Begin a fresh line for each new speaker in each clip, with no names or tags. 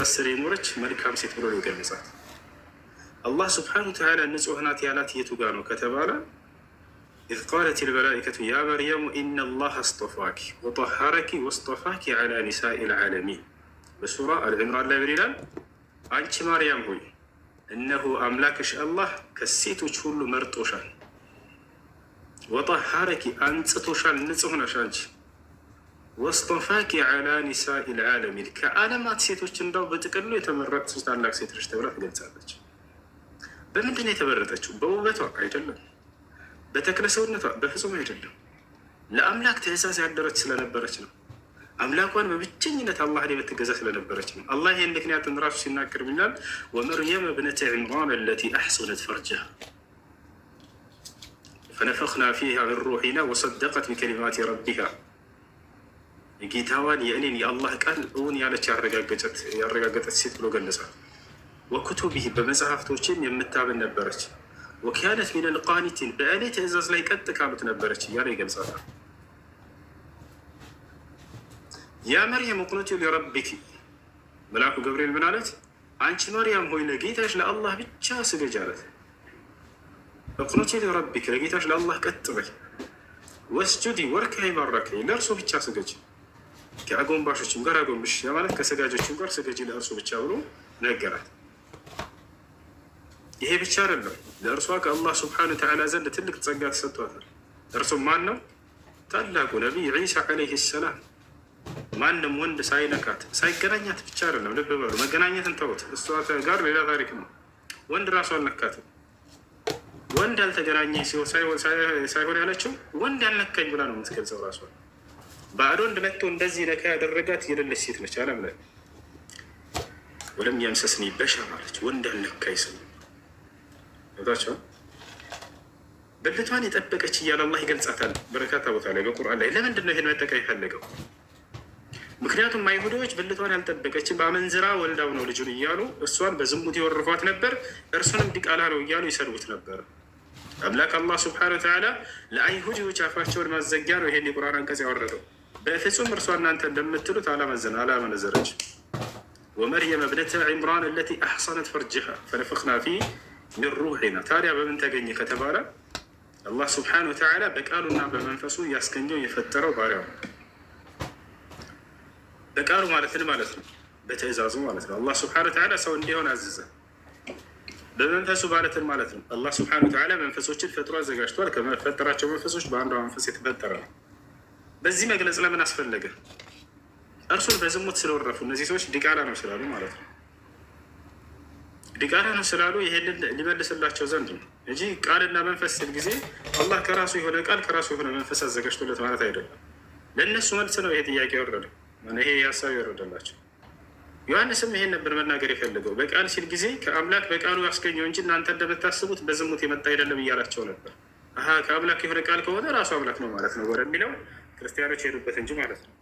ከዛ ስር የኖረች መልካም ሴት ብሎ ነው ገለጻት። አላህ ስብሓነሁ ወተዓላ ንጹሕ ናት ያላት የቱ ጋር ነው ከተባለ ኢዝ ቃለት ልመላኢከቱ ያ መርያሙ ኢና ላህ አስጠፋኪ ወጠሐረኪ ወስጠፋኪ ዐላ ኒሳኢ ልዓለሚን በሱራ አልዕምራን ላይ ምን ይላል? አንቺ ማርያም ሆይ እነሆ አምላክሽ አላህ ከሴቶች ሁሉ መርጦሻል፣ ወጠሃረኪ አንጽቶሻል፣ ንጹሕ ነሽ አንቺ ወስጦፋኪ ዓላ ኒሳ ልዓለሚን ከዓለማት ሴቶች እንዳው በጥቅሉ የተመረጥች ታላቅ ሴት ነች ተብላ ትገልጻለች። በምንድን ነው የተመረጠችው? በውበቷ አይደለም፣ በተክለ ሰውነቷ በፍጹም አይደለም። ለአምላክ ትእዛዝ ያደረች ስለነበረች ነው። አምላኳን በብቸኝነት አላህ ላይ በትገዛ ስለነበረች ነው። አላህ ይህን ምክንያት ራሱ ሲናገር ብኛል ወመርየም ብነተ ዕምራን አለቲ አሕሰነት ፈርጀሃ ፈነፈኽና ፊሃ ምን ሩሒና ወሰደቀት ቢከሊማት ረቢሃ የጌታዋን የእኔን የአላህ ቃል እውን ያለች ያረጋገጠች ሴት ብሎ ገለጻል። ወኩቱቢህ በመጽሐፍቶችም የምታምን ነበረች። ወኪያነት ሚነል ቃኒቲን በእኔ ትእዛዝ ላይ ቀጥ ካሉት ነበረች እያለ ይገልጻል። ያ መርየም ቁኑቲ ሊረቢኪ መልአኩ ገብርኤል ምን አለት? አንቺ መርያም ሆይ ለጌታሽ ለአላህ ብቻ ስገጅ አለት። ቁኑቲ ሊረቢክ ለጌታሽ ለአላህ ቀጥ በል። ወስጁዲ ወርክ ይባረክ ለእርሱ ብቻ ስገጅ ከአጎንባሾችም ጋር አጎንብሽ ለማለት ከሰጋጆችም ጋር ሰገጂ ለእርሱ ብቻ ብሎ ነገራት። ይሄ ብቻ አይደለም፣ ለእርሷ ከአላህ ስብሐነ ወተዓላ ዘንድ ትልቅ ጸጋ ተሰጥቷታል። እርሱም ማን ነው? ታላቁ ነቢይ ዒሳ ዓለይሂ ሰላም። ማንም ወንድ ሳይነካት ሳይገናኛት ብቻ አይደለም፣ ልብ በሉ። መገናኘትን ተውት፣ እሷ ጋር ሌላ ታሪክ ነው። ወንድ ራሱ አልነካትም። ወንድ አልተገናኘ ሳይሆን ያለችው ወንድ አልነካኝ ብላ ነው የምትገልጸው ራሷ ባዶ ወንድ እንደዚህ ነካ ያደረጋት የሌለች ሴት ነች። አለም ላይ ወለም ያምሰስኒ በሻ ማለች ወንድ አልነካኝ ሰው ታቸው ብልቷን የጠበቀች እያለ አላህ ይገልጻታል በርካታ ቦታ ላይ በቁርአን ላይ። ለምንድን ነው ይሄን መጠቀም የፈለገው? ምክንያቱም አይሁዶች ብልቷን ያልጠበቀች በአመንዝራ ወልዳው ነው ልጁን እያሉ እሷን በዝሙት የወረፏት ነበር። እርሱንም ዲቃላ ነው እያሉ ይሰድቡት ነበር። አምላክ አላህ ስብሐነ ወተዓላ ለአይሁዶች አፋቸውን ማዘጊያ ነው ይሄን የቁርአን አንቀጽ ያወረደው። በፍጹም እርሷ እናንተ እንደምትሉት አላመዘን አላመነዘረች። ወመርየም እብነተ ዒምራን አለቲ አሕሰነት ፈርጅሃ ፈነፈኽና ፊ ሚን ሩሕና። ታዲያ በምን ተገኘ ከተባለ አላህ ስብሓነሁ ወተዓላ በቃሉና በመንፈሱ ያስገኘው የፈጠረው ባሪያው በቃሉ ማለትን ማለት ነው፣ በትእዛዙ ማለት ነው። አላህ ስብሓነሁ ወተዓላ ሰው እንዲሆን አዘዘ። በመንፈሱ ማለትን ማለት ነው። አላህ ስብሓነሁ ወተዓላ መንፈሶችን ፈጥሮ አዘጋጅቷል። ከፈጠራቸው መንፈሶች በአንዷ መንፈስ የተፈጠረ ነው። በዚህ መግለጽ ለምን አስፈለገ? እርሱን በዝሙት ስለወረፉ እነዚህ ሰዎች ዲቃላ ነው ስላሉ ማለት ነው። ዲቃላ ነው ስላሉ ይሄንን ሊመልስላቸው ዘንድ ነው እንጂ ቃልና መንፈስ ስል ጊዜ አላህ ከራሱ የሆነ ቃል ከራሱ የሆነ መንፈስ አዘጋጅቶለት ማለት አይደለም። ለእነሱ መልስ ነው ይሄ ጥያቄ ወረደ፣ ይሄ ሀሳብ የወረደላቸው። ዮሐንስም ይሄን ነበር መናገር የፈለገው። በቃል ሲል ጊዜ ከአምላክ በቃሉ ያስገኘው እንጂ እናንተ እንደምታስቡት በዝሙት የመጣ አይደለም እያላቸው ነበር። ከአምላክ የሆነ ቃል ከሆነ ራሱ አምላክ ነው ማለት ነው ወደሚለው ክርስቲያኖች ሄዱበት እንጂ ማለት ነው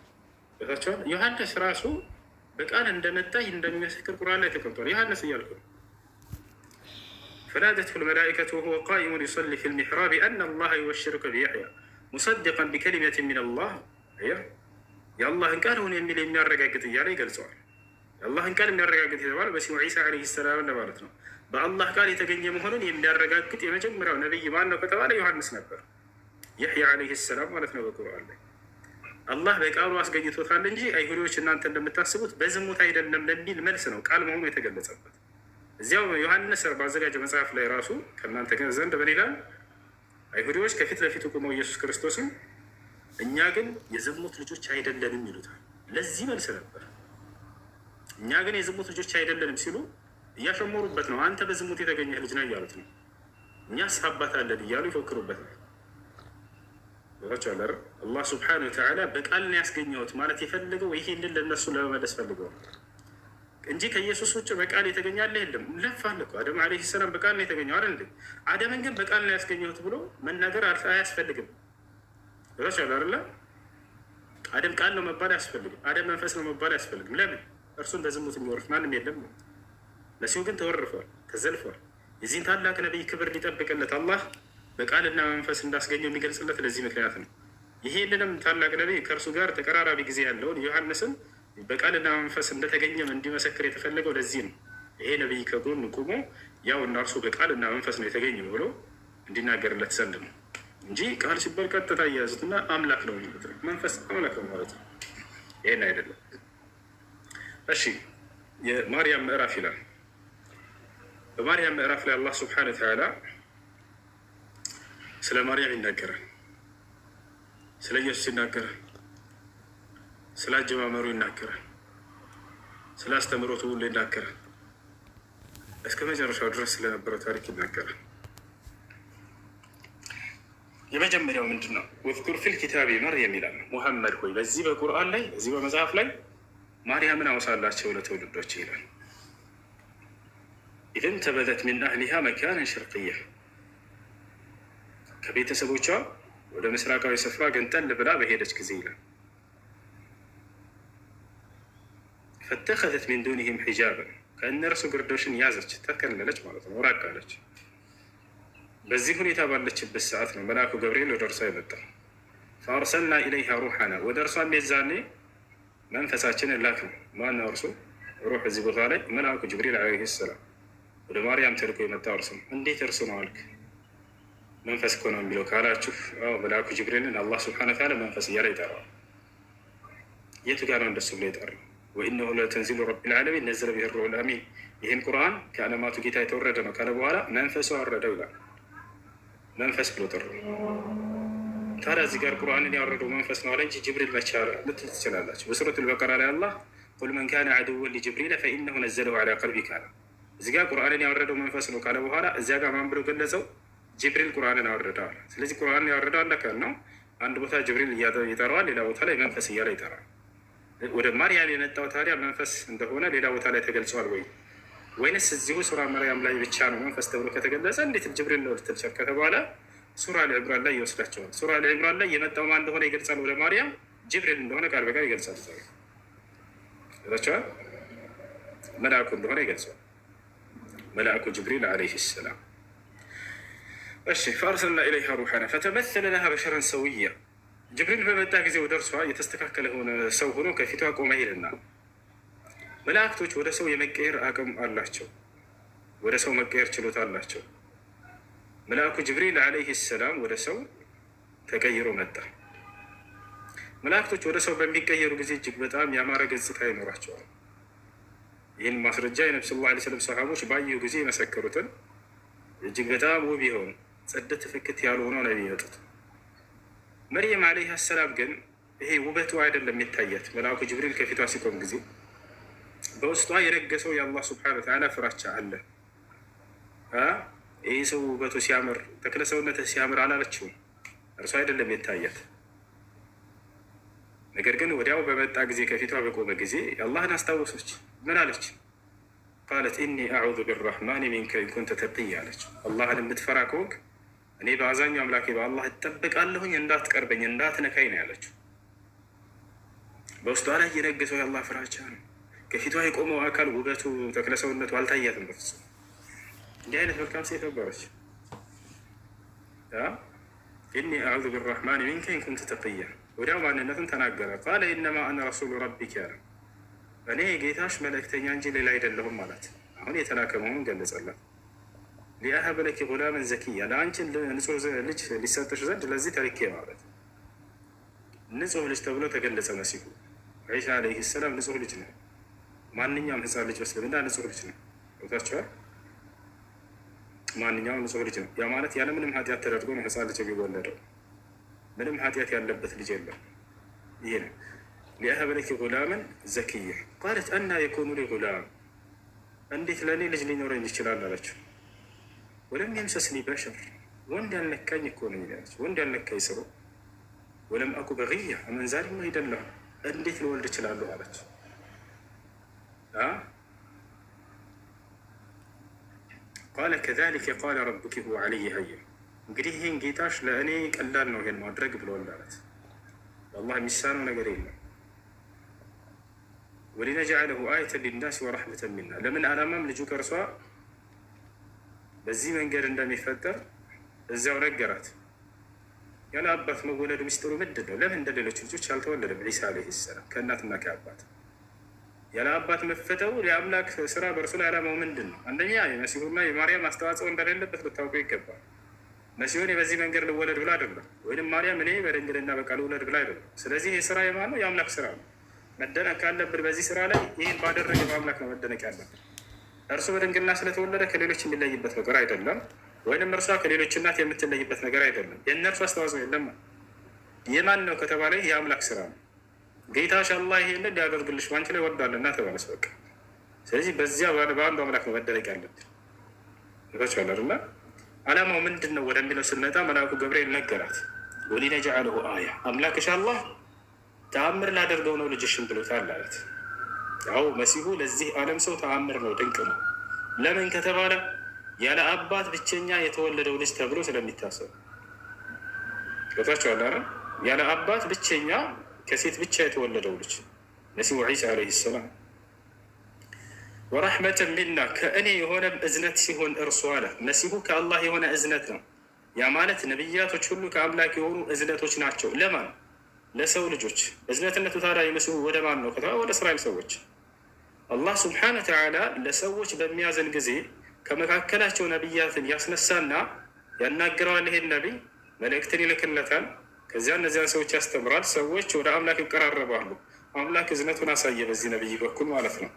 ታቸዋል። ዮሐንስ ራሱ በቃል እንደመጣ እንደሚመሰክር ቁርአን ላይ ተቀምጧል። ዮሐንስ እያልኩ فنادته الملائكة وهو قائم يصلي في المحراب أن الله يبشرك بيحيى مصدقا بكلمة من الله يا الله إن كان هنا من يمين قال سؤال አላህን ቃል የሚያረጋግጥ የተባለ በሲሙ ዒሳ ዓለይሂ ሰላም ለማለት ነው። በአላህ ቃል የተገኘ መሆኑን የሚያረጋግጥ የመጀመሪያው ነቢይ ማን ነው ከተባለ ዮሐንስ ነበር፣ ይሕያ ዓለይሂ ሰላም ማለት ነው። በቁርአን ላይ አላህ በቃሉ አስገኝቶታል እንጂ አይሁዶች እናንተ እንደምታስቡት በዝሙት አይደለም ለሚል መልስ ነው ቃል መሆኑ የተገለጸበት። እዚያው ዮሐንስ ባዘጋጀ መጽሐፍ ላይ ራሱ ከእናንተ ግን ዘንድ በሌላ አይሁዶች ከፊት ለፊቱ ቁመው ኢየሱስ ክርስቶስም እኛ ግን የዝሙት ልጆች አይደለንም ይሉታል። ለዚህ መልስ ነበር እኛ ግን የዝሙት ልጆች አይደለንም ሲሉ እያሸሞሩበት ነው። አንተ በዝሙት የተገኘህ ልጅ ነህ እያሉት ነው። እኛ ሳባት አለን እያሉ ይፎክሩበት ነው። ቻለር አላህ ስብሐነሁ ወተዓላ በቃል ነው ያስገኘሁት ማለት የፈለገው ይሄንን ለእነሱ ለመመለስ ፈልገው እንጂ ከኢየሱስ ውጭ በቃል የተገኛለ የለም። ለፋለ አደም ዓለይሂ ሰላም በቃል ነው የተገኘው አይደል? አደምን ግን በቃል ነው ያስገኘሁት ብሎ መናገር አያስፈልግም። ቻለርላ አደም ቃል ነው መባል አያስፈልግም። አደም መንፈስ ነው መባል አያስፈልግም። ለምን እርሱን በዝሙት የሚወርፍ ማንም የለም ነው። መሲሁ ግን ተወርፏል፣ ተዘልፏል። የዚህን ታላቅ ነቢይ ክብር ሊጠብቅለት አላህ በቃልና መንፈስ እንዳስገኘው የሚገልጽለት ለዚህ ምክንያት ነው። ይሄንንም ታላቅ ነቢይ ከእርሱ ጋር ተቀራራቢ ጊዜ ያለውን ዮሐንስን በቃልና መንፈስ እንደተገኘም እንዲመሰክር የተፈለገው ለዚህ ነው። ይሄ ነቢይ ከጎን ቁሞ ያው እና እርሱ በቃልና መንፈስ ነው የተገኘ ብሎ እንዲናገርለት ዘንድ ነው እንጂ ቃል ሲባል ቀጥታ እያያዙትና አምላክ ነው የሚሉት ነው። መንፈስ አምላክ ነው ማለት ነው። ይህን አይደለም። እሺ የማርያም ምዕራፍ ይላል። በማርያም ምዕራፍ ላይ አላህ ስብሐነ ወተዓላ ስለ ማርያም ይናገራል፣ ስለ ኢየሱስ ይናገራል፣ ስለ አጀማመሩ ይናገራል፣ ስለ አስተምሮቱ ሁሉ ይናገራል። እስከ መጨረሻው ድረስ ስለነበረው ታሪክ ይናገራል። የመጀመሪያው ምንድን ነው? ፊል መርየም ይላል። ሙሐመድ ሆይ በዚህ በቁርአን ላይ በዚህ በመጽሐፍ ላይ ማርያምን አወሳላቸው ለትውልዶች ይላል። ኢዘን ተበዘት ሚን አህሊሃ መካንን ሽርቅያ ከቤተሰቦቿ ወደ ምስራቃዊ ስፍራ ገንጠል ብላ በሄደች ጊዜ ይላል ፈተኸዘት ሚን ዱንህም ሒጃብን ከእነርሱ ግርዶሽን ያዘች፣ ተከለለች ማለት ነው፣ ራቅ አለች። በዚህ ሁኔታ ባለችበት ሰዓት ነው መልአኩ ገብርኤል ወደ እርሷ የመጣ ፈአርሰልና ኢለይሃ ሩሓና ወደ እርሷም የዛኔ መንፈሳችንን ላክ ማና እርሱ ሩህ እዚህ ቦታ ላይ መልአኩ ጅብሪል ዓለይሂ ሰላም ወደ ማርያም ተልኮ የመጣ እርሱ ነው። እንዴት እርሱ ነው አልክ? መንፈስ እኮ ነው የሚለው ካላችሁ መልአኩ ጅብሪልን አላህ ስብሐነ ወተዓላ መንፈስ እያለ ይጠራዋል። የቱ ጋር ነው እንደሱ ብሎ የጠራው? ወኢነሁ ለተንዚሉ ረቢል ዓለሚን ነዘለ ቢሂ ሩሑል አሚን። ይህን ቁርአን ከዓለማቱ ጌታ የተወረደ ነው ካለ በኋላ መንፈሱ አረደው ይላል። መንፈስ ብሎ ጠሩ ታዲያ እዚህ ጋር ቁርአንን ያወረደው መንፈስ ነው አለ እንጂ ጅብሪል መቻ ልትል ትችላላችሁ። በሱረት ልበቀራ ላይ አላህ ቁል መን ካነ አድወን ሊጅብሪል ፈኢነሁ ነዘለሁ አላ ቀልቢካ አለ። እዚህ ጋር ቁርአንን ያወረደው መንፈስ ነው ካለ በኋላ እዚያ ጋር ማን ብሎ ገለጸው? ጅብሪል ቁርአንን አወረደዋል። ስለዚህ ቁርአንን ያወረደው አለ ነው። አንድ ቦታ ጅብሪል ይጠራዋል፣ ሌላ ቦታ ላይ መንፈስ እያለ ይጠራል። ወደ ማርያም የመጣው ታዲያ መንፈስ እንደሆነ ሌላ ቦታ ላይ ተገልጿል ወይ ወይንስ እዚሁ ሱራ መርያም ላይ ብቻ ነው መንፈስ ተብሎ ከተገለጸ እንዴት ጅብሪል ነው ልትል ቻል ከተባለ ሱራ አልዕምራን ላይ ይወስዳቸዋል። ሱራ አልዕምራን ላይ የመጣው ማን እንደሆነ ይገልጻል። ወደ ማርያም ጅብሪል እንደሆነ ቃል በቃል ይገልጻል። ዛቸዋል መልአኩ እንደሆነ ይገልጻል። መልአኩ ጅብሪል ዓለይሂ ሰላም። እሺ ፈአርሰልና ኢለይሃ ሩሐና ፈተመሰለ ለሃ በሸረን ሰውያ። ጅብሪል በመጣ ጊዜ ወደ እርሷ የተስተካከለ ሆነ ሰው ሆኖ ከፊቷ ቆመ ይልና መላእክቶች ወደ ሰው የመቀየር አቅም አላቸው። ወደ ሰው መቀየር ችሎታ አላቸው። መልአኩ ጅብሪል ዓለይህ ሰላም ወደ ሰው ተቀይሮ መጣ። መላእክቶች ወደ ሰው በሚቀየሩ ጊዜ እጅግ በጣም ያማረ ገጽታ ይኖራቸዋል። ይህን ማስረጃ የነቢ ሰለላሁ ዓለይሂ ወሰለም ሰሃቦች ባዩ ጊዜ የመሰከሩትን እጅግ በጣም ውብ የሆኑ ጽድት ፍክት ያሉ ሆነው ነው የሚመጡት። መርየም ዓለይህ ሰላም ግን ይሄ ውበቱ አይደለም የሚታያት። መልአኩ ጅብሪል ከፊቷ ሲቆም ጊዜ በውስጧ የነገሰው የአላህ ስብሐነ ወተዓላ ፍራቻ አለ። ይህ ሰው ውበቱ ሲያምር ተክለ ሰውነት ሲያምር አላለችውም። እርሱ አይደለም የታያት። ነገር ግን ወዲያው በመጣ ጊዜ ከፊቷ በቆመ ጊዜ አላህን አስታወሰች። ምን አለች? ቃለት እኒ አዑዙ ቢራህማን ሚንከ ኢንኩንተ ተቅያ አለች። አላህን የምትፈራ ከሆንክ እኔ በአብዛኛው አምላኬ በአላህ እጠብቃለሁኝ፣ እንዳትቀርበኝ፣ እንዳትነካኝ ነው ያለችው። በውስጧ ላይ የነገሰው የአላህ ፍራቻ ነው። ከፊቷ የቆመው አካል ውበቱ ተክለሰውነቱ አልታያትም በፍጹም እንዲህ አይነት መልካም ሴት ነበረች። ኢኒ አዑዙ ብረሕማን ሚንከ ኢን ኩንተ ተቅያ ወዲያው ማንነትን ተናገረ። ቃለ ኢነማ አነ ረሱሉ ረቢክ ያለ እኔ የጌታሽ መልእክተኛ እንጂ ሌላ አይደለሁም ማለት አሁን የተላከ መሆኑን ገለጸላት። ሊአሀበ ለኪ ጉላመን ዘኪያ ለአንቺን ንጹህ ልጅ ሊሰጥሽ ዘንድ ለዚህ ተልኬ ማለት ንጹህ ልጅ ተብሎ ተገለጸ። መሲሁ ዒሳ ዓለይሂ ሰላም ንጹህ ልጅ ነው። ማንኛውም ህፃን ልጅ በእስልምና ንጹህ ልጅ ነው። ታቸዋል ማንኛውም ንጹህ ልጅ ነው። ያ ማለት ያለ ምንም ኃጢአት ተደርጎ ነው ህፃን ልጅ የሚወለደው። ምንም ኃጢአት ያለበት ልጅ የለም። ይህ ነው ሊአህበለኪ ጉላምን ዘክየ ቃለት እና የኮኑ ሊ ጉላም፣ እንዴት ለእኔ ልጅ ሊኖረኝ ይችላል አለችው። ወለም የምሰስኒ በሸር፣ ወንድ ያልነካኝ እኮ ነው ወንድ ያልነካኝ ሰው ወለም አኩ በቅያ፣ አመንዛሪም አይደለሁም። እንዴት ልወልድ እችላለሁ አለች። ቃለ ከዛሊከ ቃለ ረቡኪ ሁወ ዐለይሂ ሀይን እንግዲህ ይህን ጌታሽ ለእኔ ቀላል ነው ይሄን ማድረግ ብሎ እንዳለት አላህ የሚሳነው ነገር የለም። ወሊነጅዐለሁ አየተን ሊናስ ወረሕመተን ሚና ለምን አላማም ልጁ ከእርሷ በዚህ መንገድ እንደሚፈጠር እዚያው ነገራት። ያለ አባት መወለድ ሚስጥሩ ምንድን ነው? ለምን እንደሌሎች ልጆች አልተወለደም? ዒሳ ዓለይሂ ሰላም ከእናትና ከአባት ያለ አባት መፈተው የአምላክ ስራ በእርሱ ላይ አላማው ምንድን ነው? አንደኛ የመሲሁና የማርያም አስተዋጽኦ እንደሌለበት ልታውቁ ይገባል። መሲሁን በዚህ መንገድ ልወለድ ብላ አይደለም፣ ወይም ማርያም እኔ በድንግልና በቃል ልውለድ ብላ አይደለም። ስለዚህ ይህ ስራ የማን ነው? የአምላክ ስራ ነው። መደነቅ ካለብን በዚህ ስራ ላይ ይህን ባደረገ በአምላክ ነው መደነቅ ያለብን። እርሱ በድንግልና ስለተወለደ ከሌሎች የሚለይበት ነገር አይደለም፣ ወይንም እርሷ ከሌሎች እናት የምትለይበት ነገር አይደለም። የእነርሱ አስተዋጽኦ የለም። የማን ነው ከተባለ የአምላክ ስራ ነው። ጌታሽ አላህ ይሄንን ሊያደርግልሽ ባንቺ ላይ እና ተባለች። በቃ ስለዚህ በዚያ በአንዱ አምላክ ነው መደረግ ያለብን እና አላማው ምንድን ነው ወደሚለው ስንመጣ መልአኩ ገብርኤል ነገራት። ወሊነጅዐለሁ አያ አምላክሽ አላህ ተአምር ላደርገው ነው ልጅሽን ብሎታል አላት። አዎ መሲሁ ለዚህ ዓለም ሰው ተአምር ነው፣ ድንቅ ነው። ለምን ከተባለ ያለ አባት ብቸኛ የተወለደው ልጅ ተብሎ ስለሚታሰብ ገብታችኋል። ያለ አባት ብቸኛ ከሴት ብቻ የተወለደው ልጅ ነሲሁ ዒሳ ዓለይሂ ሰላም ወረሕመተን ሚና ከእኔ የሆነ እዝነት ሲሆን እርሱ አለ መሲሁ ከአላህ የሆነ እዝነት ነው። ያ ማለት ነቢያቶች ሁሉ ከአምላክ የሆኑ እዝነቶች ናቸው። ለማን? ለሰው ልጆች። እዝነትነቱ ታዲያ የመሲሁ ወደ ማን ነው ከተባለ ወደ እስራኤል ሰዎች። አላህ ስብሓነ ተዓላ ለሰዎች በሚያዘን ጊዜ ከመካከላቸው ነቢያትን ያስነሳና ያናግረዋል። ይሄን ነቢይ መልእክትን ይልክለታል ከዚያ እነዚያን ሰዎች ያስተምራል። ሰዎች ወደ አምላክ ይቀራረባሉ። አምላክ እዝነቱን አሳየ በዚህ ነብይ በኩል ማለት ነው።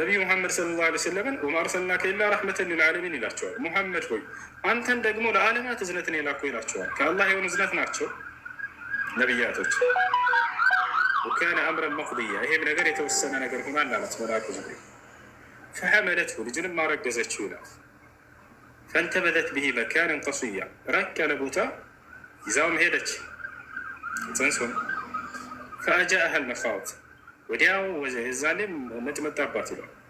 ነቢዩ ሙሐመድ ሰለላሁ ዐለይሂ ወሰለምን ወማ አርሰልናከ ኢላ ረሕመተን ልልዓለሚን ይላቸዋል። ሙሐመድ ሆይ አንተን ደግሞ ለዓለማት እዝነትን የላኩ ይላቸዋል። ከአላህ የሆኑ እዝነት ናቸው ነብያቶች። ወካነ አምረን መቅድያ ይሄም ነገር የተወሰነ ነገር ሆኗል አላት መላኩ ነ ፈሐመለትሁ ልጅንም አረገዘችው ይላል فانتبذت به مكانا قصيا رك لبوتا يزاوم هيدك تنسون فأجاءها المخاض ودياو وزيزاني متمتع باتلو